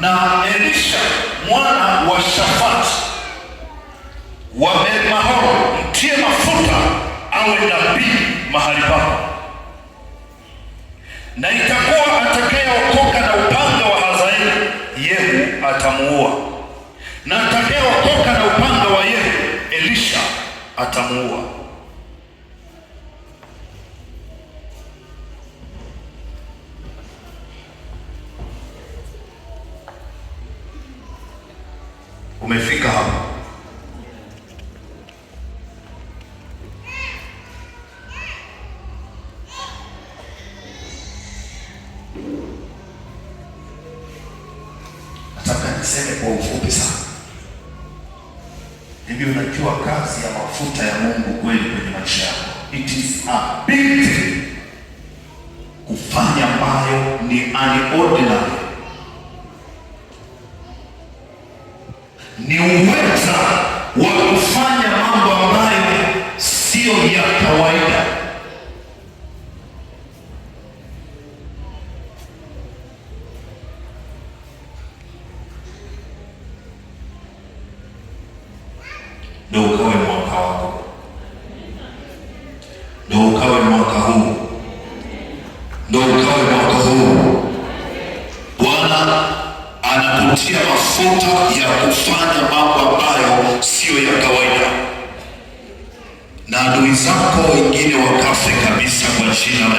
na Elisha mwana wa Shafati wa Mahoro, mtie mafuta awe nabii mahali pako, na itakuwa atakayeokoka na upanga wa Hazaeli, Yehu atamuua, na atakayeokoka na upanga wa Yehu, Elisha atamuua. umefika hapo. Nataka niseme kwa ufupi sana hivi, unajua kazi ya mafuta ya Mungu kweli kwenye maisha yako, it is a big kufanya ambayo ni an ni uweza wa kufanya mambo ambayo sio ya kawaida. Ndio ukawe mwaka wako, ndio ukawe mwaka huu, ndio ukawe mwaka huu Bwana anatutia mafuta ya kufanya mambo ambayo siyo ya kawaida, na adui zako wengine wakafe kabisa kwa jina la